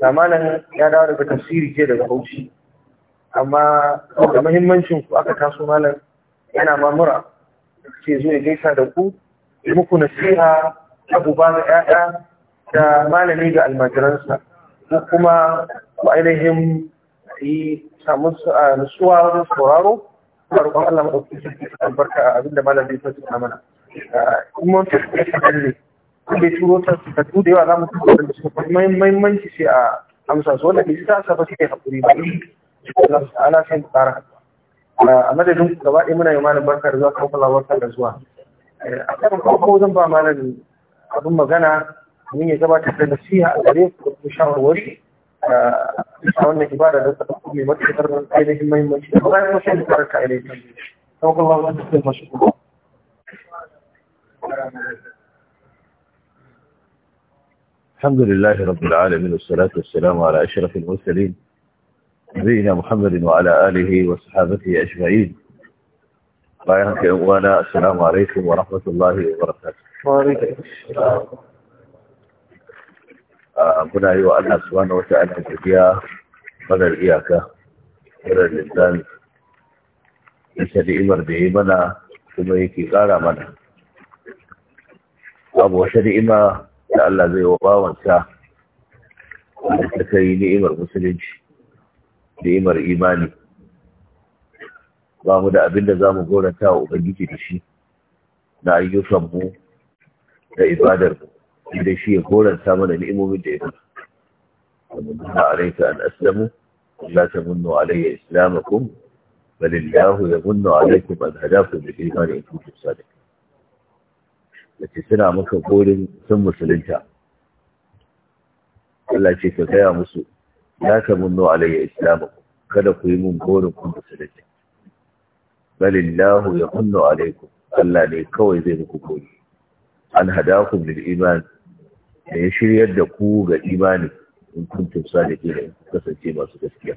zamanin ya dawo daga tafsiri ke daga haushi, Amma da mahimmancin ku aka taso malam yana mamura ce zo ya gaisa da ku muku nasiha abu ba ga 'ya'ya da malami ga almajiransa ko kuma ku ainihin yi samun nutsuwa wajen sauraro a roƙon Allah maɗauki sarki albarka a abin da malam bai fasa mana. Kuma kuma ya turo takardu da yawa za mu turo da su kuma mahimmanci sai a amsa su wanda ke sa ba suke haƙuri ba Allah san sai mu a madadin gaba ɗaya muna yi malam barka da zuwa kan kula barka da zuwa a karin farko zan ba malam abin magana domin ya gabatar da nasiha a gare ku da shawarwari a wannan ibada da ta ɗauko mai matuƙar ainihin mahimmanci da ba ya sai mu ƙara ka ainihin kan kula barka da zuwa الحمد لله رب العالمين والصلاة والسلام على أشرف المرسلين نبينا محمد وعلى آله وصحابته أجمعين وأنا السلام عليكم ورحمة الله وبركاته وعليكم السلام muna آه، الله wa Allah subhanahu wata ta'ala godiya marar iyaka marar lissan isa ni'imar da ya منا kuma yake ƙara mana abu wata ni'ima da Allah zai wa bawansa da ta kai ni'imar musulunci ni'imar imani ba mu da abin da za mu goranta wa ubangiji da shi na ayyukanmu da mu inda shi ya goranta mana ni'imomin da ya an Allah ومنها عليك أن أسلموا ya تمنوا علي إسلامكم بل الله يمن عليكم أن هداكم للإيمان in كنتم sadaka da suna maka gorin sun musulunta Allah ce ka gaya musu ya ta munno alayya islamu kada ku yi mun gorin kun musulunta balillahu ya munno alaikum Allah ne kawai zai muku gori an ku lil iman da ya shiryar da ku ga imani in kuntum sadiqin kasance masu gaskiya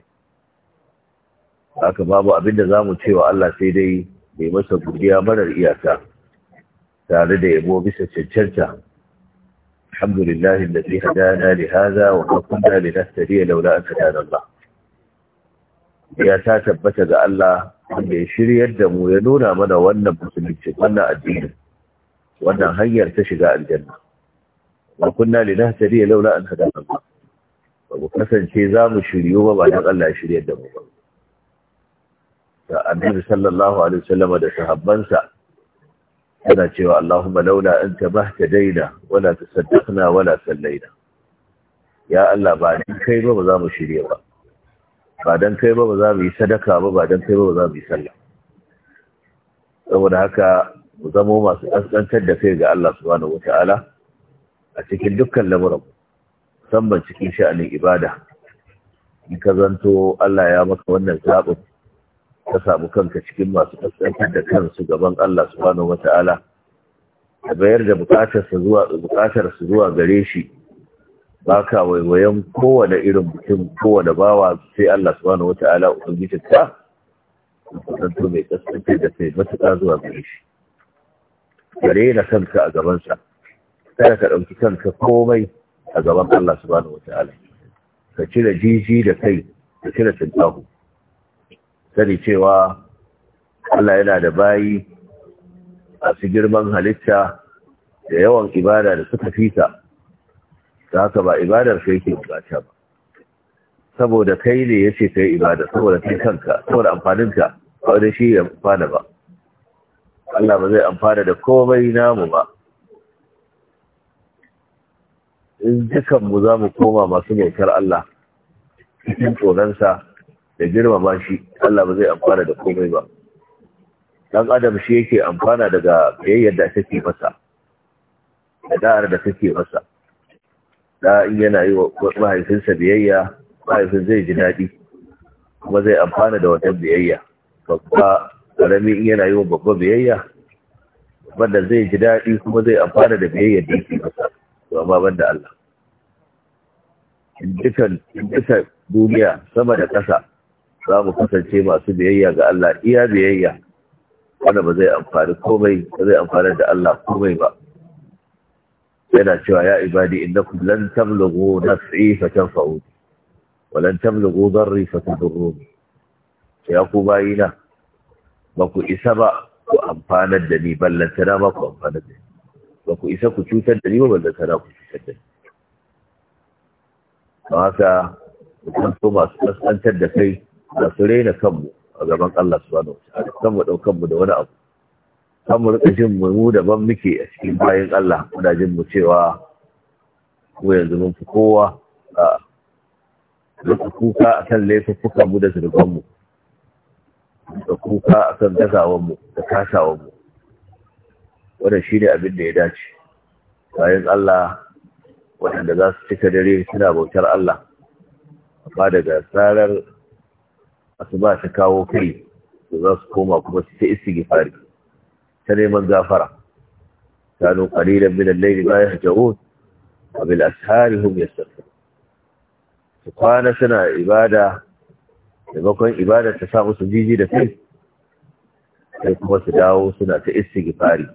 haka babu abin da zamu wa Allah sai dai bai masa godiya marar iyaka tare da yabo bisa cancanta alhamdulillahi alladhi hadana li hadha wa ma kunna linahtadiya laula an hadana Allah ya ta tabbata ga Allah wanda ya shiryar da mu ya nuna mana wannan musulunci wannan addini wannan hanyar ta shiga aljanna wa kunna linahtadiya laula an hadana Allah ba mu kasance za mu shiryu ba ba Allah ya da mu ba sallallahu alaihi da sahabbansa yana cewa Allahumma laula anta bahtadaina wala tasaddaqna wala sallaina ya Allah ba dan kai ba ba za mu shirye ba ba dan kai ba ba za mu yi sadaka ba ba dan kai ba ba za mu yi sallah saboda haka mu zamo masu kaskantar da kai ga Allah subhanahu wataala a cikin dukkan lamuran musamman cikin sha'anin ibada in ka zanto Allah ya maka wannan zaɓin ka samu kanka cikin masu ƙasƙantar da kansu gaban Allah subhanahu ta’ala, da bayar da bukatar su zuwa bukatar zuwa gare shi baka waiwayen kowane irin mutum kowane bawa sai Allah subhanahu wata'ala ubangiji ta kusanto mai ƙasƙantar da kai matuƙa zuwa gare shi gare na kanka a gabansa kada ka ɗauki kanka komai a gaban Allah subhanahu ta’ala, ka cire jiji da kai ka cire tuntahu sani cewa Allah yana da bayi a su girman halitta da yawan ibada da suka fita ta haka ba ibadar ka yake bukata ba saboda kai ne ya ce ka yi ibada saboda kai kanka saboda amfaninka ba da shi ya amfana ba Allah ba zai amfana da komai namu ba in dukanmu za mu koma masu bautar Allah cikin tsoronsa da girmama shi Allah ba zai amfana da komai ba dan adam shi yake amfana daga biyayyar da take masa da da'ar da take masa da in yana yi wa mahaifinsa biyayya mahaifin zai ji daɗi kuma zai amfana da wannan biyayya babba karami in yana yi wa babba biyayya wanda zai ji daɗi kuma zai amfana da biyayyar da yake masa to amma banda Allah in dukan duniya sama da ƙasa za mu kasance masu biyayya ga Allah iya biyayya wanda ba zai amfani komai ba zai amfani da Allah komai ba yana cewa ya ibadi ku lan tablughu naf'i fa tanfa'u wa lan tablughu darri fa tadurru ya ku bayina ba ku isa ba ku amfanar da ni ballantana ba ku amfanar da ni ba ku isa ku cutar da ni ba ballantana ku cutar da ni ba haka mutum so masu kaskantar da kai da su raina kanmu a gaban Allah subhanahu wataala kan mu ɗaukan mu da wani abu kan mu rika jin mu mu daban muke a cikin bayan Allah muna jin mu cewa ko yanzu mun fi kowa a rika kuka akan laifuffukan mu da zurban mu da kuka akan gazawan mu da kasawan mu shi shine abin da ya dace bayan Allah waɗanda za su cika dare suna bautar Allah amma daga tsarar ba ta kawo kai da za su koma kuma su ta gifari ta neman gafara ta qalilan ƙalilan al laili bayan yahjaun a bil ashari hum yastaghfirun su kwana suna ibada maimakon ibada ta sa musu jiji da kai sai kuma su dawo suna ta gifari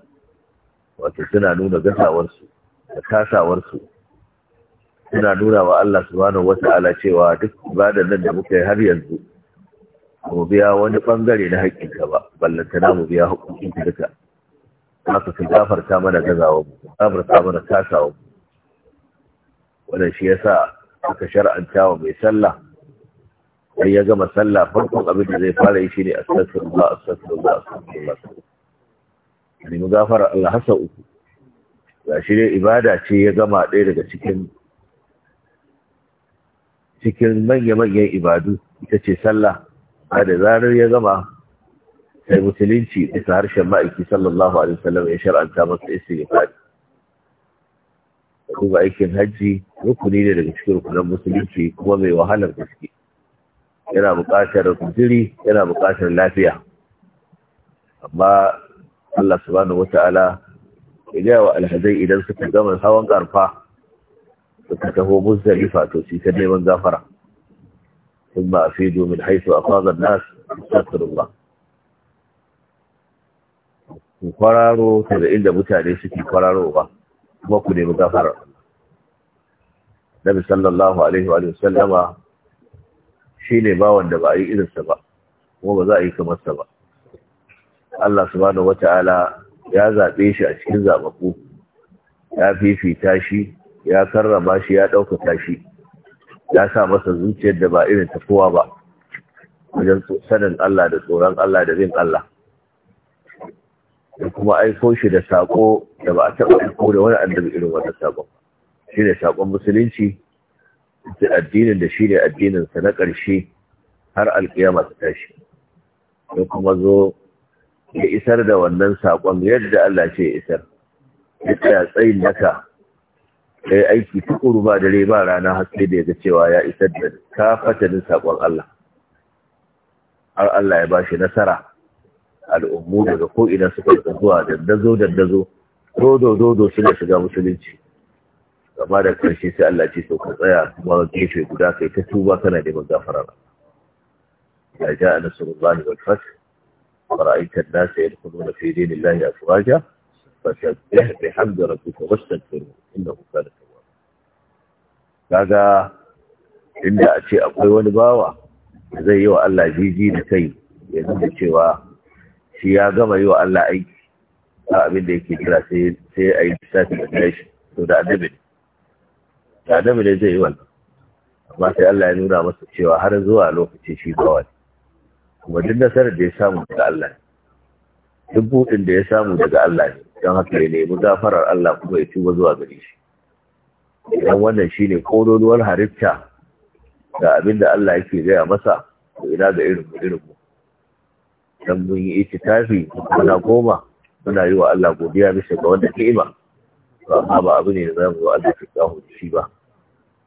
wato suna nuna gasawarsu da kasawarsu suna nuna wa Allah subhanahu wata'ala cewa duk ibadan nan da muka yi har yanzu mu biya wani bangare na haƙƙinka ba ballantana mu biya haƙƙinka duka haka ka gafarta mana gazawa mu gafarta mana kasawa mu wannan shi yasa aka shar'anta wa mai sallah sai ya gama sallah farkon abin da zai fara yi shine astaghfirullah astaghfirullah astaghfirullah ne mu gafara Allah hasa uku ga shi dai ibada ce ya gama ɗaya daga cikin cikin manya-manyan ibadu ita ce sallah a da zarar ya gama sai musulunci isa harshen ma'aiki sallallahu alaihi wasallam ya shar'anta masa ya fadi kuma aikin hajji rukuni ne daga cikin rukunan musulunci kuma mai wahalar gaske yana buƙatar kujiri yana buƙatar lafiya amma Allah subhanahu wata'ala ya gaya wa alhazai idan suka gama hawan karfa suka taho musulunci to ta neman zafara ثم أفيدوا من حيث أفاض الناس استغفر الله ku kwararo da inda mutane suke kwararowa kuma ku nemi gafara Nabi sallallahu alaihi wa sallama ne bawan da ba a yi irinsa ba kuma ba za a yi kamar ba Allah subhanahu wata'ala ya zaɓe shi a cikin zabaku ya fifita shi ya karrama shi ya ɗaukaka shi ya sa masa zuciyar da ba irin ta kowa ba wajen sanin Allah da tsoron Allah da bin Allah da kuma aiko shi da saƙo da ba a taɓa aiko da wani annabi irin wannan saƙon. shi ne saƙon musulunci da addinin da shi ne addinin sa na ƙarshe har alƙiyama ta tashi da kuma zo ya isar da wannan saƙon yadda Allah ce ya isar ya tsayin naka ya yi aiki tukuru ba dare ba rana haske da ya ga cewa ya isar da kafatanin saƙon Allah har Allah ya ba shi nasara al'ummu daga ko'ina suka yi zuwa dandazo dandazo dodo dodo suna shiga musulunci gama da ƙarshe sai Allah ce sauka ka tsaya kuma gefe guda kai ta tuba kana neman gafara ya ja a nasarar nasarullahi wal fath ورأيت الناس يدخلون ni دين الله أفواجا فسبح بحمد ربك واستغفره انه inda a ce akwai wani bawa da zai yi wa Allah jiji da kai ya nuna cewa shi ya gama yi wa Allah aiki a abin da yake kira sai sai a yi lissafi da kai shi to da annabi da ne zai yi wannan amma sai Allah ya nuna masa cewa har zuwa lokaci shi bawa kuma duk nasarar da ya samu daga Allah duk buɗin da ya samu daga Allah ne don haka ya nemi gafarar Allah kuma ya tuba zuwa gare shi idan wannan shi ne kololuwar halitta ga abin da Allah yake gaya masa da ina ga irin irin mu Don mun yi tafi muna goma muna yi wa Allah godiya bisa ga wanda ni'ima ba amma ba abu ne da zamu zo Allah ya kawo shi ba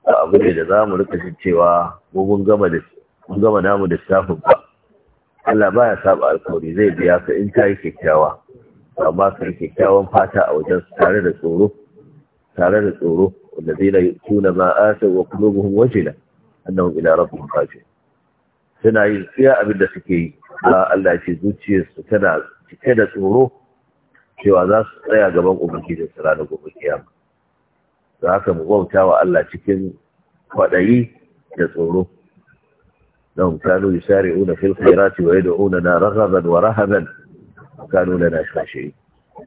ba abu ne da zamu rika cewa mu mun gama da mun namu da safin ba Allah ya saba alkawari zai biya su in ta yi kyakkyawa amma yi kyakkyawan fata a wajen su tare da tsoro tare da tsoro الذين يؤتون ما waje وقلوبهم وجلة أنهم إلى ربهم راجعون suna yin tsiya abinda suke yi ba Allah ce zuciyarsu tana cike da tsoro cewa za su tsaya gaban ubangiji su ranar gobe kiyama za ka mu bauta wa Allah cikin kwaɗayi da tsoro لهم كانوا يسارعون في الخيرات ويدعوننا رغبا ورهبا وكانوا لنا خاشعين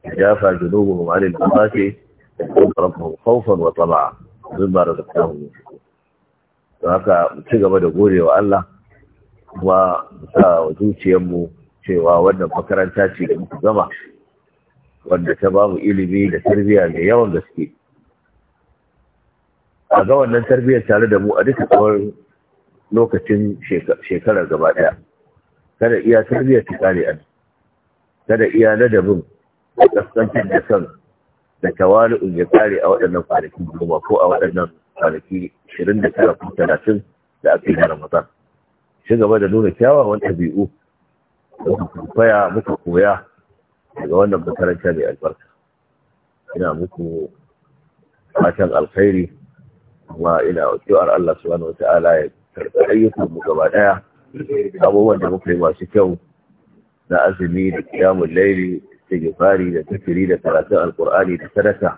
جافى جنوبهم عن المقاتل يقول ربهم خوفا وطمعا مما رزقناهم ينفقون haka ci gaba da gorewa Allah kuma sa wa zuciyarmu cewa wannan makaranta ce da muka gama wanda ta bamu ilimi da tarbiyya mai yawan gaske a ga wannan tarbiyyar tare da mu a duka tsawon lokacin shekarar gaba ɗaya kada iya tarbiya ta kare an kada iya ladabin kaskantar da kan da tawali'un ya kare a waɗannan kwanaki goma ko a waɗannan kwanaki 29 da tara ko da ake yi na ramadan shi gaba da nuna kyawawan ɗabi'u muka kufaya muka koya daga wannan makaranta mai albarka ina muku fatan alkhairi kuma ina addu'ar Allah subhanahu wata'ala ya karɓi ayyukan mu gaba ɗaya abubuwan da muka yi masu kyau na azumi da kiyamun laili da gifari da tafiri da karatun alkur'ani da sadaka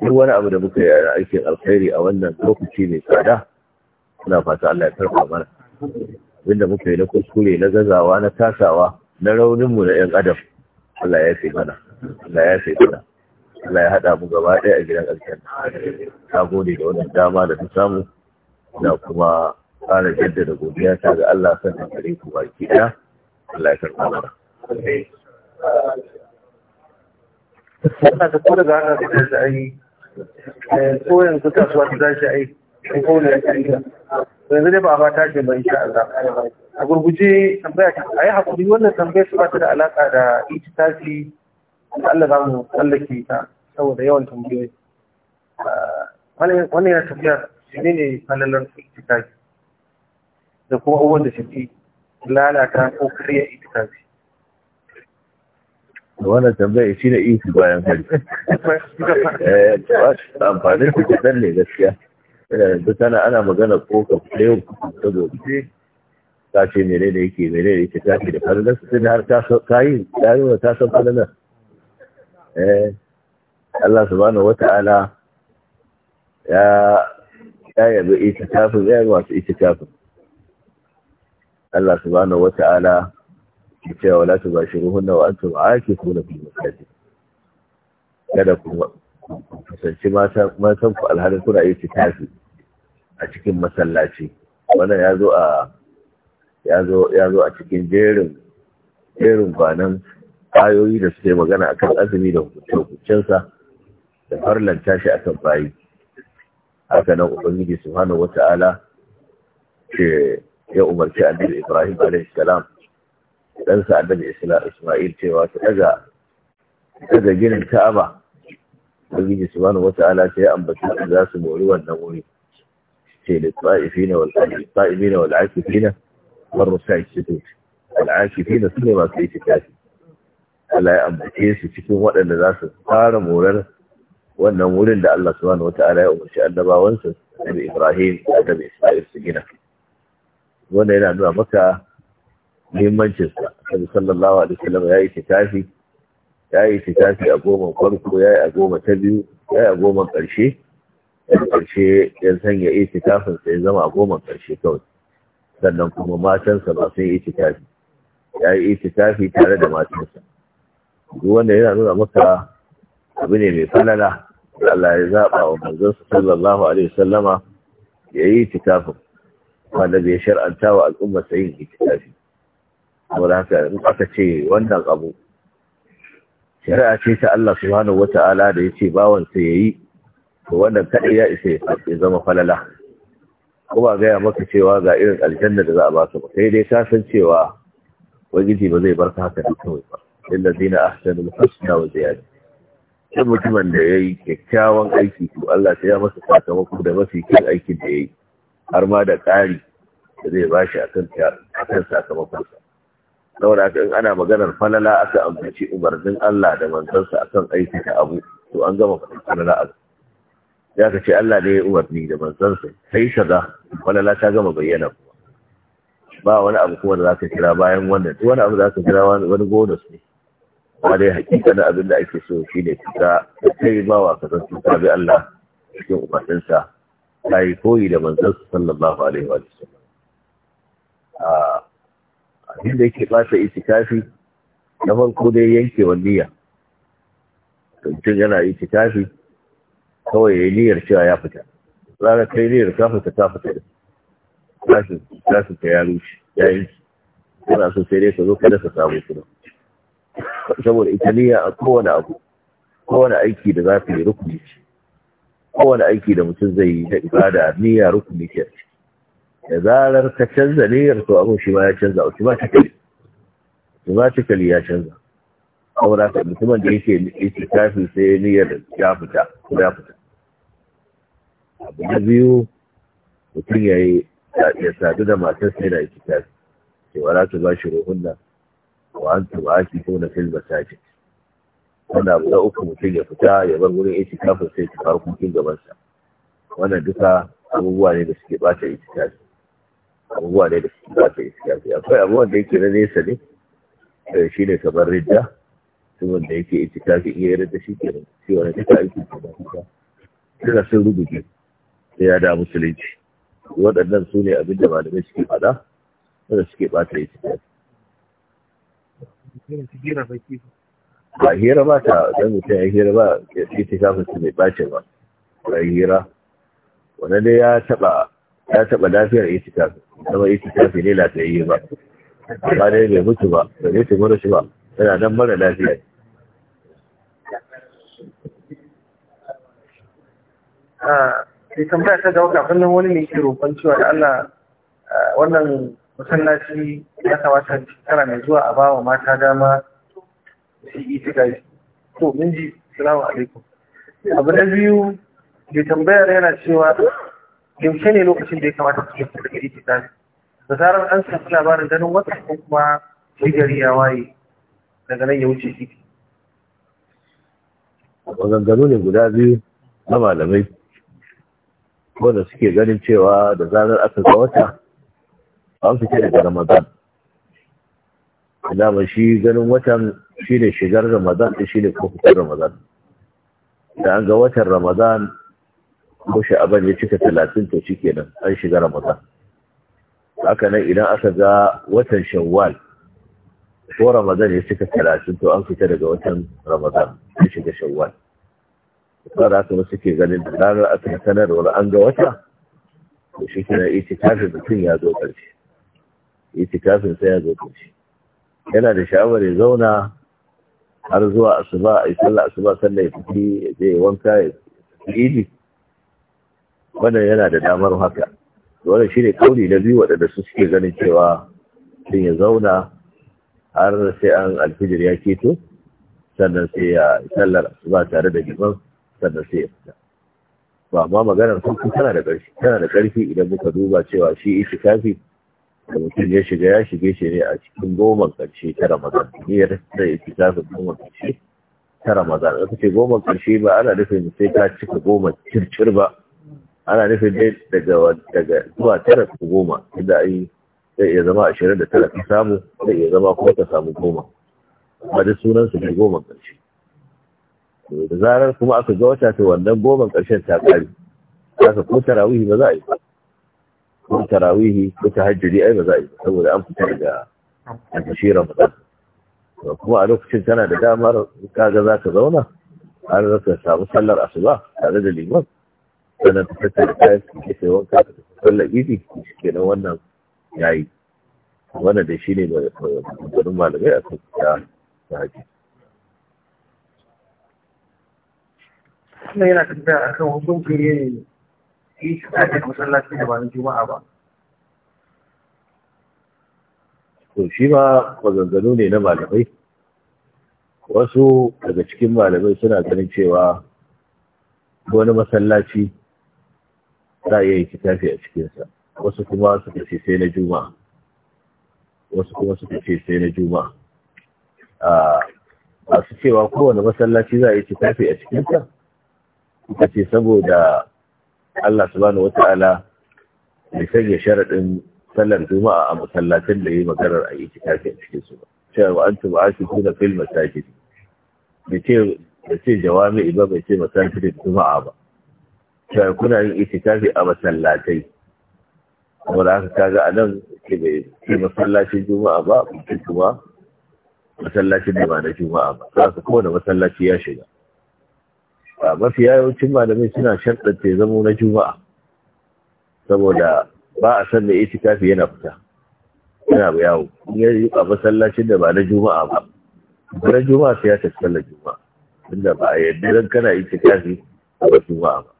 duk wani abu da muka yi a aikin alkhairi a wannan lokaci mai tsada suna fata Allah ya karɓa mana abinda muka yi na kuskure na gazawa na tasawa na rauninmu na 'yan adam Allah ya fi mana Allah ya fi mana Allah ya haɗa mu gaba ɗaya a gidan aljanna na gode da wannan dama da ta samu na kuma fara jaddada godiya ta ga Allah san sannan gare ku baki ɗaya Allah ya karɓa mana. Wannan da kuma ga ana da ta ai eh, ko yanzu kasuwa ta tashi ai in ko ne ya kai ta. Yanzu dai ba a ba tashi ba insha Allah. A gurguje tambaya ta ai hakuri wannan tambayar ta ba ta da alaka da ita tashi Allah za mu tsallake ta saboda yawan tambayoyi. Ah, wannan yana tafiya ne ne falalar itikafi. da kuma abubuwan da suke lalata ko karya itikafi wannan tambaya shi ne isi bayan hari eh, amfanin su kaɗan ne gaskiya eh, da tana ana magana ko ka yau ta gobe Ka ce mene ne yake mene ne yake ta da da su Sani har ta yi ta yi wa ta san falalar eh, Allah subhanahu wa ta'ala ya ya yabi ita kafin ya yi masu ita kafin Allah subhanahu wata'ala ke cewa wala tubashiruhunna wa antum aakifuna fil masajid kada ku kusanci matan ku alhalin kuna yi tafi a cikin masallaci wannan ya zo a cikin jerin jerin kwanan ayoyi da suke magana akan azumi da hukuncinsa da farlanta a kan bayi haka nan ubangiji subhanahu wata'ala ke. يوم أمر كأمير إبراهيم عليه السلام تنسى بني إسرائيل كي واتحدى هذا جن الكعبة وجن سبحانه وتعالى كي أنبت هذا سبولي والنموني كي للطائفين والطائفين والعاكفين مروا سعي والعاكفين العاكفين سنما كي تكاتي ألا يا أنبت كي سكتو مولا لذا سكار مولا والنمولا لأ الله سبحانه وتعالى يا أمر كأنبا وانسى أبي إبراهيم أبي إسرائيل سجنك wanda yana nuna maka muhimmancinsa sabi sallallahu alaihi wasallam ya yi tikafi ya yi tikafi a goma farko ya yi a goma ta biyu ya yi a goma ƙarshe ya ƙarshe ya sanya itikafinsa ya zama a goma ƙarshe kawai sannan kuma matansa ba sun yi itikafi ya yi itikafi tare da matansa duk wanda yana nuna maka abu ne mai falala Allah ya zaɓa wa manzansa sallallahu alaihi wasallama ya yi itikafin wanda bai shar'anta wa al'ummar sayin itikafi saboda haka in aka ce wannan abu shari'a ce ta Allah subhanahu wata'ala da yace bawan sa yayi to wannan kadai ya isa ya zama falala kuma ga ya maka cewa ga irin aljanna da za a ba ba sai dai ka san cewa wajiji ba zai barka haka da kawai ba a ahsanul husna wa ziyada sai mutumin da yayi kyakkyawan aiki to Allah sai ya masa sakamako da mafi kyan aikin da yayi har ma da ƙari da zai ba shi a kan sakamakonsa saboda haka in ana maganar falala aka ambaci umarnin Allah da manzansa akan aikata abu to an gama falala a ya ka ce Allah ne ya umarni da manzansa sai shaga falala ta gama bayyana kuma ba wani abu kuma da ka kira bayan wannan duk wani abu za ka kira wani bonus ne ba dai hakika na abin da ake so ne ka kai ba wa ka san bi Allah cikin umarninsa ta yi koyi da su sallallahu alaihi wa sallam a abin da yake fata itikafi na farko dai wa niyya tuntun yana itikafi kawai ya niyyar cewa ya fita tsara kai niyyar ka fita ta fita ta fita ya rushe ya yi kana so sai dai ka zo kada ka samu da saboda ita niyya a kowane abu kowane aiki da za ka yi rukuni ce kowane aiki da mutum zai yi ta ibada niyya rukuni ke da zarar ka canza niyyar to abin shi ma ya canza automatically automatically ya canza saboda ka mutumin da yake yake tafi sai niyyar ya fita ko ya fita abu na biyu mutum ya yi ya sadu da matar sai da yake kafi ce wala ta ba shi ruhun nan wa an tuba ake ko na filma sajid wanda abu na uku mutum ya fita ya bar wurin aiki kafin sai ta fara gaban sa. wannan duka abubuwa ne da suke bata itikafi abubuwa ne da suke bata itikafi akwai abubuwan da yake na nesa ne eh, shi ne kamar ridda mutumin da yake itikafi iya yi ridda shi ke shi wani duka aiki ke ba kuka suna sun rubuce sai ya da musulunci waɗannan su ne abin da malamai suke faɗa wanda suke bata itikafi. ba hira ba ta dan mutum ya hira ba ya ta kafin su bai bacin ba ba hira wanda dai ya taba ya taba lafiyar itikafi kuma itikafi ne lafiyayye ba Ba dai bai mutu ba bai mutu mara shi ba yana nan mara lafiya a ah, sai tambaya ta gawa kafin nan wani ne ke roƙon cewa da Allah ah, wannan masallaci ya kawata shekara mai zuwa a bawa mata dama itikafi to min ji salamu alaikum abu na biyu da tambayar yana cewa yaushe ne lokacin da ya kamata su fita daga itikafi da zarar an samu labarin ganin wata ko kuma gari ya waye daga nan ya wuce titi maganganu ne guda biyu na malamai wanda suke ganin cewa da zarar aka ga wata an fice daga ramadan dama shi ganin watan shi ne shigar ramadan da shi ne kuma fitar ramadan da an ga watan ramadan ko sha'aban ya cika talatin to shi kenan an shiga ramadan haka nan idan aka ga watan shawwal ko ramadan ya cika talatin to an fita daga watan ramadan ya shiga shawwal da haka wasu ke ganin da ranar aka wani an ga wata to shi kenan kafin mutum ya zo ƙarshe kafin sai ya zo ƙarshe yana da sha'awar ya zauna har zuwa asuba a yi sallah asuba sallah ya tafi ya wanka ya fiti wannan yana da damar haka wannan ne kauri na biyu waɗanda su suke ganin cewa sun ya zauna har sai an alfijir ya keto sannan sai ya sallar asuba tare da liman sannan sai ya fita ba ma maganar sun tana da ƙarfi tana da ƙarfi idan muka duba cewa shi itikafi kafi da mutum ya shiga ya shige shi ne a cikin goma ƙarshe ta ramadan niyyar da ya fita ga goma ƙarshe ta ramadan aka ce goma ƙarshe ba ana nufin sai ta cika goma circir ba ana nufin dai daga daga zuwa tara ko goma inda ai zai iya zama ashirin da tara ka samu zai iya zama kuma ka samu goma amma da sunan su ne goma ƙarshe da zarar kuma aka ga wata ta wannan goma ƙarshen ta ƙare ka ko tarawihi ba za a yi ko tarawihi ko tahajjudi ai ba za a yi saboda an fita da shi ramadan kuma a lokacin tana da damar kaga za ka zauna an rasa samu sallar asuba tare da liman sannan ta fita da kayan su ke ka sallar idi ke nan wannan yayi wannan da shi ne da malamai a kan ta ta haƙi. yana tafiya akan kan ne yi shi ta masallaci da ba na juma'a ba to shi ma ne na malamai wasu daga cikin malamai suna ganin cewa wani masallaci za a yi kitafi a cikinsa wasu kuma suka ce sai na juma wasu kuma suka ce sai na a masu cewa kowane masallaci za a yi kitafi a cikinsa ita ce saboda Allah subhanahu wata'ala da sanya sharaɗin sallar juma'a a masallacin da yi maganar a yi cikafi cikin su ba cewa an tuba a shi kuna fil masajid da ce jawami ba bai ce masajidin juma'a ba cewa kuna yin itikafi a masallatai wanda aka kaga a nan ke bai ce masallacin juma'a ba kuma masallacin da ba na juma'a ba za ka kowane masallaci ya shiga mafi yawancin malamai suna sharɗanta ya zamo na juma'a saboda ba a san da kafi yana fita yana yawo in yi a masallacin da ba na juma'a ba na juma'a sai ya tafi sallar juma'a Inda ba a yarda zan kana kafi a ba juma'a ba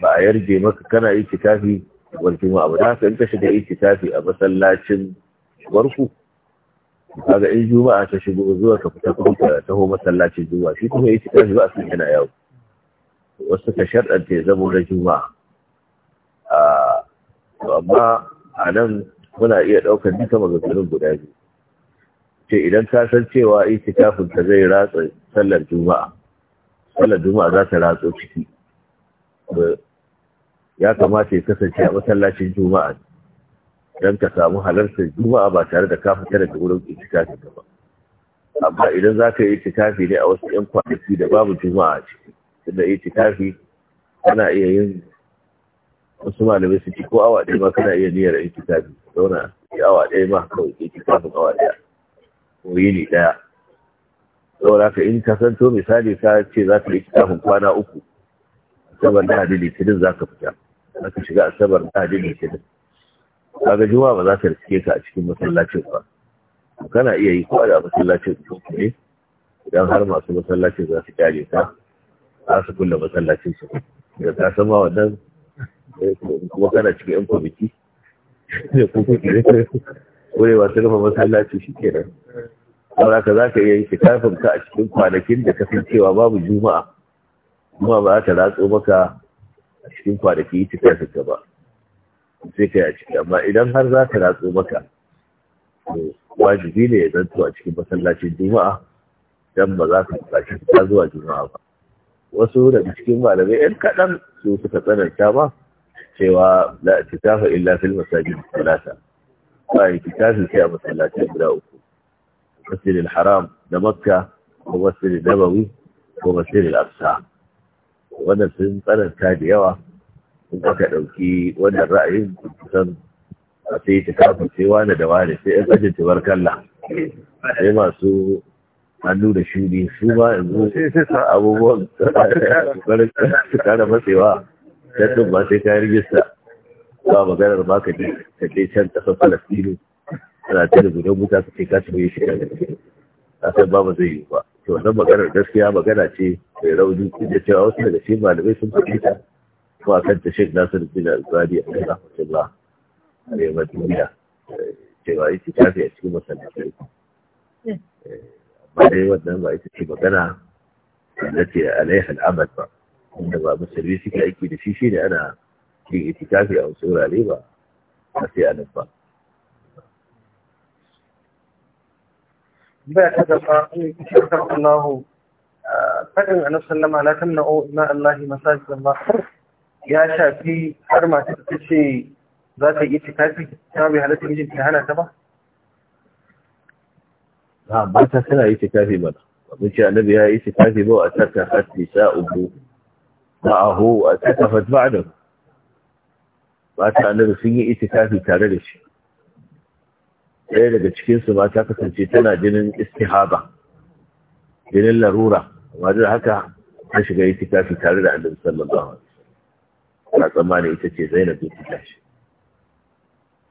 ba a yarje maka kana kafi a ba juma'a ba da haka in ka shiga kafi a masallacin warku kaga in juma'a ta shigo zuwa ka fita kuma ka taho masallaci juma'a shi kuma yake tashi ba a yana yau. wasu ka sharɗanta ya zama na juma'a a amma a nan muna iya ɗaukar duka magagarin guda biyu ce idan ka san cewa itikafin ka zai ratsa sallar juma'a sallar juma'a za ta ratso ciki ya kamata ya kasance a masallacin juma'a don ka samu halartar juma'a ba tare da ka fita daga wurin itikafi ba amma idan za ka yi itikafi ne a wasu 'yan kwanaki da babu juma'a ciki tunda itikafi kana iya yin wasu malamai su ci ko awa ɗaya ma kana iya niyyar itikafi zauna yi awa ɗaya ma kawai itikafin awa ɗaya ko ni ɗaya saboda ka in ka santo misali ka ce za ka yi itikafin kwana uku asabar da hadin litinin za ka fita za ka shiga asabar da hadin litinin kaga juma'a ba za ta riske ka a cikin masallacin ba kana iya yi ko a masallacin ko ne idan har masu masallacin za su kyale ka za su kulle masallacin su da ka san ma wannan eh, kuma kana cikin yan kwamiti da kuku ne kure ba su rufe masallaci shi kenan saboda ka za ka iya yi kafin ka a cikin kwanakin da ka cewa babu juma'a kuma ba za ta ratso maka a cikin kwanaki ita kafin ka ba sai ka yi a ciki amma idan har za ka ratso maka wajibi ne ya zanto a cikin masallacin juma'a dan ba za ka buƙaci ta zuwa juma'a ba wasu daga cikin malamai yan kaɗan su suka tsananta ba cewa la tikafa illa fil masajid salata ba tikafi sai a masallacin guda uku masjid al-haram da makka ko masjid nabawi ko masjid al-aqsa wannan sun tsananta da yawa in aka ɗauki wannan ra'ayin kusan a sai ta kafa sai wani da wani sai yan ajin tibar kalla sai masu hannu da shuni su ma zo abubuwan kokarin su kara matsewa tun ba sai kayan rijista ba maganar ba ka je can ƙasar falastinu ana ta da gudan wuta su ce ka shiga shi ta san ba ba zai yi ba to wannan maganar gaskiya magana ce mai rauni da cewa wasu daga cikin malamai sun fahimta wasan ta shek nasir bin al-bari a rahmatullah a yamma duniya cewa ita kafi a cikin masallaci amma dai wannan ba ita ce magana da ce alaiha al'amal ba inda ba musulmi suke aiki da shi shine ana yin itikafi a wasu wurare ba a sai anan ba baya ta gaba shirkar Allah fadin annabi sallama la tamna'u ma Allah masajid Allah يا شافي هر ما تتشي ذات اتكافي تابي هل تجي امتحانها تبا لا ما تسنى اتكافي بنا من شاء النبي ها اتكافي بو اتكفت لساء ابو معه اتكفت بعده ما تسنى النبي سنى اتكافي تاردش ɗaya cikin su ba ta kasance tana jinin istihaba jinin larura wajen haka ta shiga yi tafi tare da annabi sallallahu alaihi ta tsammani ita ce zainab ta fita shi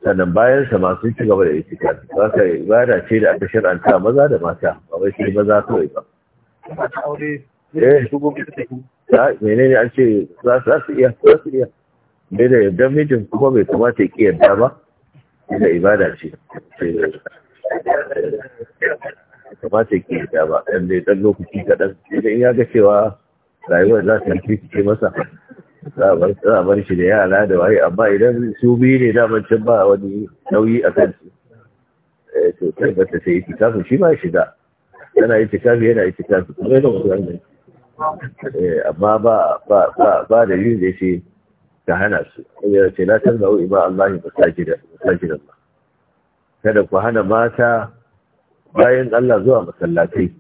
sannan bayan sa masu ci gaba da itika za ka ibada ce da aka shir'anta maza da mata ba wai sai maza kawai ba Mene eh. menene an ce za su iya za su iya bai da yadda mijin kuma bai kamata ya ki yadda ba da ibada ce kamata ke da ba ɗan dai ɗan lokaci kaɗan idan ya ga cewa rayuwar za ta yi masa za a bar shi da yara da waye amma idan su biyu ne daman can ba wani nauyi a su. Eh, to kai ba ta sai kafin shi ba da yana kafin yana kafin kuma yana wasu wannan eh, amma ba ba ba ba da yin da shi ta hana su ya ce na canza au ima Allah ya sajida da Allah kada ku hana mata bayan Allah zuwa masallatai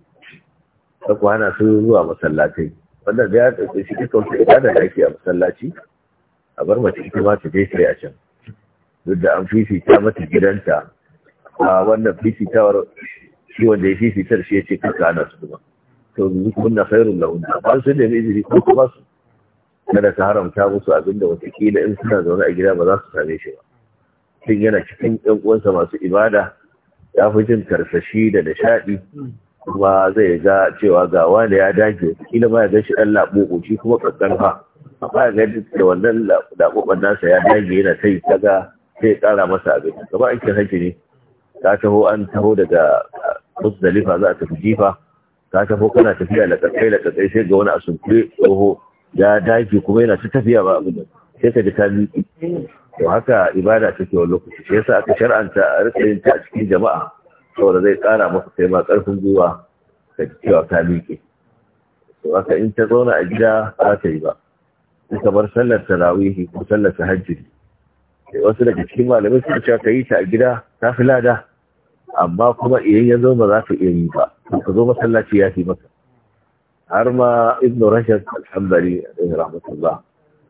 kada ku hana su zuwa masallatai wannan da ya ɗauke shi duka wasu da ake a masallaci a bar mace ita ma ta je a can duk da an fifita mata gidanta a wannan fifitawar shi wanda ya fifitar shi ya ce kanka ana su kuma to yanzu kunna khairun lahun ba su da izini ko kuma su kada ka haramta musu abin da watakila in suna zaune a gida ba za su same shi ba tun yana cikin ɗan uwansa masu ibada ya fi jin karsashi da nishaɗi kuma zai ga cewa ga wani ya dage kila ma ya ga shi ɗan laɓoɓo shi kuma ƙanƙan ha amma ya ga da wannan laɓoɓon nasa ya dage yana ta yi kaga sai ƙara masa abin gaba an kin hajji ne ka taho an taho daga musdalifa za a tafi jifa ka taho kana tafiya da da laƙaƙai sai ga wani a sunkure tsoho ya dage kuma yana ta tafiya ba abin sai ka ji ta to haka ibada take wani lokaci shi yasa aka shar'anta a a cikin jama'a saboda zai kara masa kai ma karfin gwiwa ka cewa ka miƙe to aka in ta zauna a gida ba ta yi ba in bar sallar tarawihi ko sallar tahajjudi sai eh, wasu daga cikin malamai suka cewa ka yi ta a gida ta fi lada amma kuma idan ya zo ba za ka iya yi ba to ka zo masallaci ya fi maka har ma ibn rashid al-hanbali alaihi rahmatullah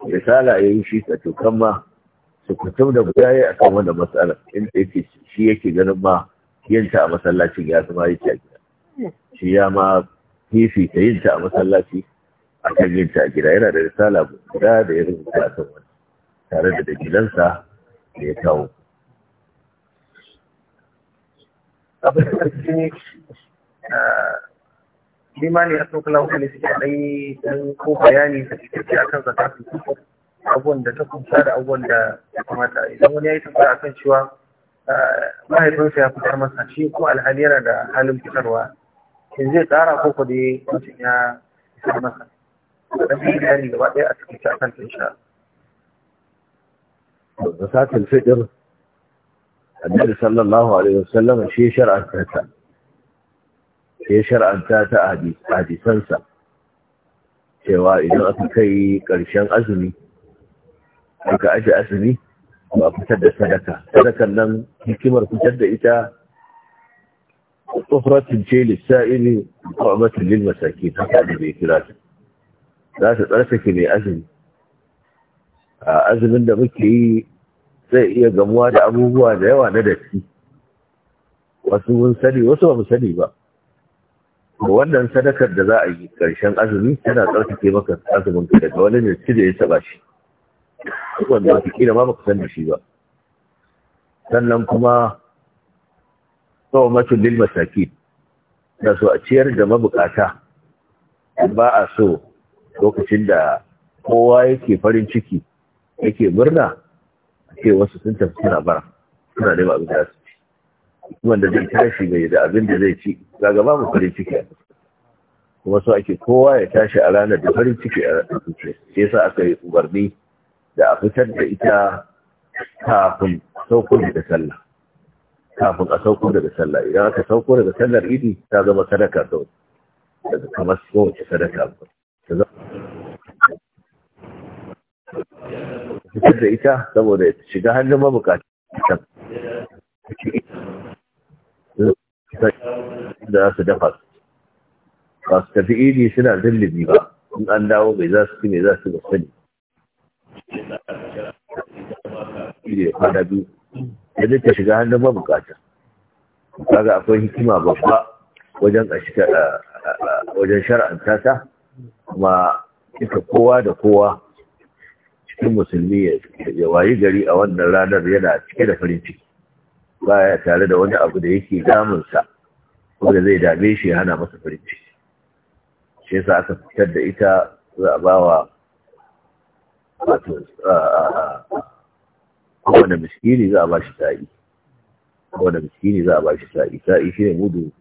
risala yayin shi ta tukan ma su kutum da a akan wannan matsalar In yake shi yake ganin ma yinta a masallaci ya zama yake a gida shi ya ma fifi ta yin a masallaci a kan yinta a gida yana da risala guda da ya rubuta a kan wani tare da gidansa da ya kawo abin da ah, ne limani a kula wani suke ɗai ɗan ko bayani da suke akan zakatun abubuwan da ta kunsa da abubuwan da ya kamata idan wani ya yi tambaya akan cewa mahaifinsa ya fitar masa shi ko alhali yana da halin fitarwa shin zai tsara ko ko dai mutum ya fitar masa da bi bayani gaba ɗaya a cikin tun sha. da satin fidir annabi sallallahu alaihi wasallam shi shar'anta ta shi shar'anta ta a hadisansa cewa idan aka kai ƙarshen azumi aka aje azumi ba fitar da sadaka sadakan nan hikimar fitar da ita tsofratin ce lissa'ili matan lil masaki ta da bai kira ta za su tsarkake mai azumi a azumin da muke yi zai iya gamuwa da abubuwa da yawa na datti wasu mun sani wasu ba mu sani ba wannan sadakar da za a yi ƙarshen azumi tana tsarkake maka azumin ka daga wani datti da ya taba shi wanda wata kila ma baka san da shi ba sannan kuma tsawamatun lil masaki da so a ciyar da mabukata ba a so lokacin da kowa yake farin ciki yake murna ke wasu sun tafi suna bara suna da abin da su ci wanda zai tashi mai da abin da zai ci gaga ba mu farin ciki a kuma so ake kowa ya tashi a ranar da farin ciki a ranar da ya sa aka yi umarni da a fitar da ita kafin sauko daga sallah kafin a sauko daga sallah idan aka sauko daga sallar idi ta zama sadaka sau daga kamar kowace sadaka ta zama fitar da ita saboda ya shiga hannun mabukata da su dafa ba su tafi idi suna zillibi ba in an dawo mai za su fi mai za su sani shine kwana biyu ya zai ta shiga hannun mabukata kaga akwai hikima babba wajen a shiga wajen ta kuma ita kowa da kowa cikin musulmi ya wayi gari a wannan ranar yana cike da farin ciki baya tare da wani abu da yake damunsa wanda zai dame shi ya hana masa farin ciki shi yasa aka fitar da ita za a ba wa kowane miskini za a ba shi sa'i kowane miskini za a ba shi sa'i sa'i shi ne mudu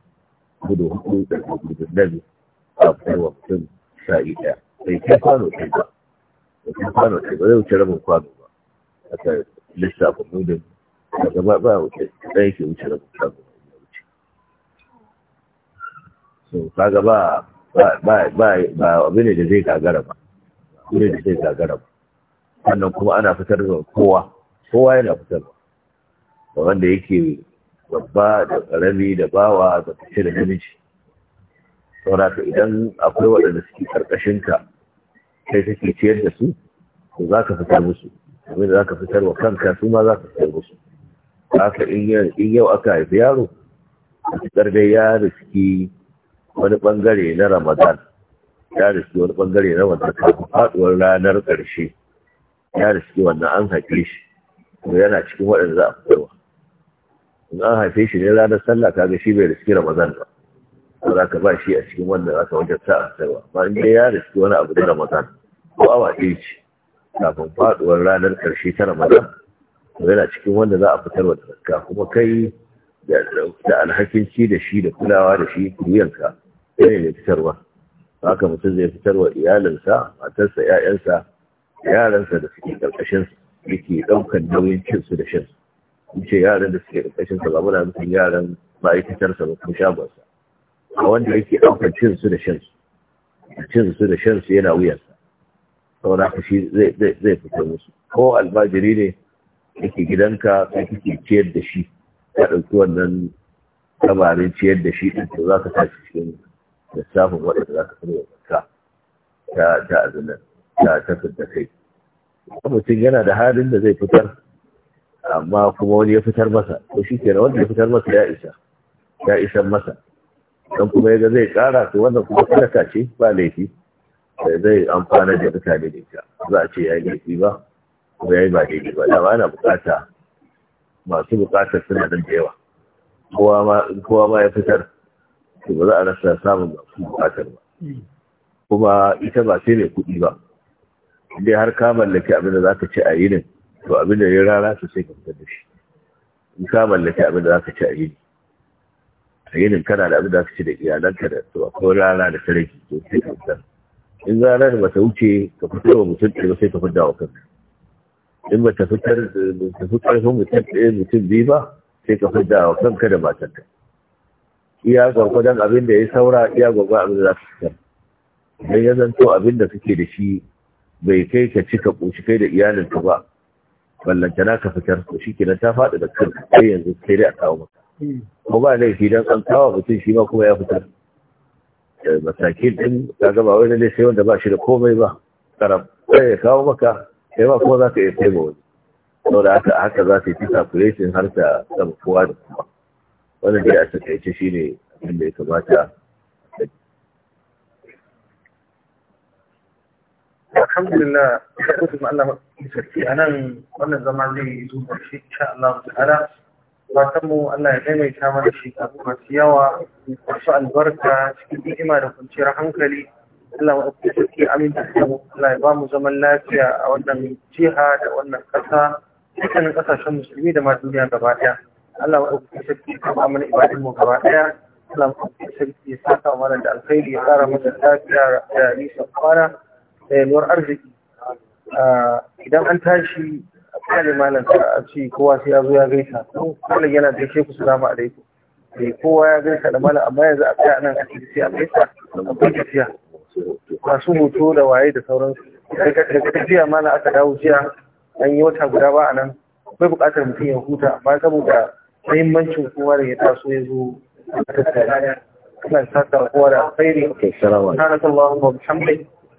mudu hudu da hudu da a kowa mutum sa'i ɗaya bai kai kwano ɗaya ba bai kai kwano ɗaya ba zai wuce rabin kwano ba aka lissafa mudun a gaba ba wuce ɗaya ke wuce rabin kwano ya wuce so kaga ba ba ba abu da zai gagara ba abu da zai gagara ba sannan kuma ana fitar da kowa kowa yana fitar da wanda yake babba da ƙarami da bawa da fice da namiji saboda ka idan akwai waɗanda suke ƙarƙashinka kai kake ciyar da su to za ka fitar musu abin za ka fitar wa kanka su ma za ka fitar musu haka in yau aka haifi yaro a fitar dai ya riski wani ɓangare na ramadan ya riski wani ɓangare na wanda kafin faɗuwar ranar ƙarshe ya riski wannan an haƙe shi to yana cikin waɗanda za a fitarwa in an haife shi ne ranar sallah kaga shi bai riski ramadan ba ba za ka ba shi a cikin wannan ka wajen sa'a sarwa ba in dai ya riski wani abu da ramadan ko awa ɗaya ce kafin faɗuwar ranar ƙarshe ta ramadan to yana cikin wanda za a fitarwa da zakka kuma kai da alhakin da shi da kulawa da shi kuriyanka yana ne fitarwa haka mutum zai fitarwa iyalinsa matarsa 'ya'yansa yaransa da suke ƙarƙashinsa yake ɗaukar nauyin cinsu da shansu ce yaran da suke ƙarƙashin sa ba muna nufin yaran ma'aikatar sa ba ko shagonsa. a wanda yake ɗaukar cinsu da shan a cinsu da shan yana wuyarsa sa na zai fita fito musu ko albajiri ne yake gidanka sai kake ciyar da shi ka ɗauki wannan tabarin ciyar da shi ɗin za ka tashi cikin lissafin waɗanda za ka fito wa ta ta azunan ta ta fidda kai mutum yana da halin da zai fitar amma kuma wani ya fitar masa ko shi ke wanda ya fitar masa ya isa ya isa masa don kuma ya ga zai kara to wannan kuma sadaka ce ba laifi zai amfana da mutane da za a ce ya yi laifi ba kuma ya yi ba daidai ba ba ana bukata masu bukatar suna nan da yawa kowa ma ya fitar to ba za a rasa samun masu bukatar ba kuma ita ba sai mai kuɗi ba dai har ka mallaki abin da za ka ci a yinin to abin da ya rara su sai ka fitar da shi in ka mallaki abin da za ka ci a yini a yinin kana da abin da za ka ci da iyalanka da to ko rara da ta rage to sai ka fitar in ranar ba ta wuce ka fitar wa mutum ɗaya sai ka fitar wa kanka in ba ta fitar ta fitar da mutum ɗaya mutum biyu ba sai ka fitar wa kanka da matarka iya don abin da ya saura iya gwargwadon abin da za ka fitar idan ya zanto abin da kake da shi bai kai ka cika ƙoshi kai da iyalinka ba na ka fitar ko shi kenan ta faɗi da kan sai yanzu sai dai a kawo maka ko ba shi dan an kawo mutum shi ma kuma ya fitar Masakin din ka ba wani ne sai wanda ba shi da komai ba Karam sai ya kawo maka sai ba kuma za ka iya kai ma wani saboda haka haka za su yi calculation har ta samu kowa da kuma wannan dai a takaice shi ne da ya kamata alhamdulillah da kuma Allah a nan wannan zama zai yi zuwa shi insha Allah ta'ala mu Allah ya daimaita mana shi abu masu yawa masu albarka cikin ni'ima da kwanciyar hankali Allah wa ɗauki sarki da Allah ya ba mu zaman lafiya a wannan jiha da wannan ƙasa dukkanin ƙasashen musulmi da ma duniya gaba ɗaya Allah ɗauki sarki ka ba mana ibadin mu gaba ɗaya Allah ɗauki sarki ya saka mana da alkhairi ya ƙara mana lafiya da nisan kwana da yalwar arziki idan an tashi a kare malam a ce kowa sai ya zo ya gaisa malam yana ke ku salamu alaikum sai eh, kowa ya gaisa da malam amma yanzu a tsaya nan a ce sai a gaisa akwai tafiya masu hoto da waye da sauransu daga tafiya malam aka dawo jiya an yi wata guda ba a nan akwai buƙatar mutum ya huta amma saboda muhimmancin kowa da ya taso ya zo a tattara ana sata kowa da alkhairi. Assalamu kowa da alaikum.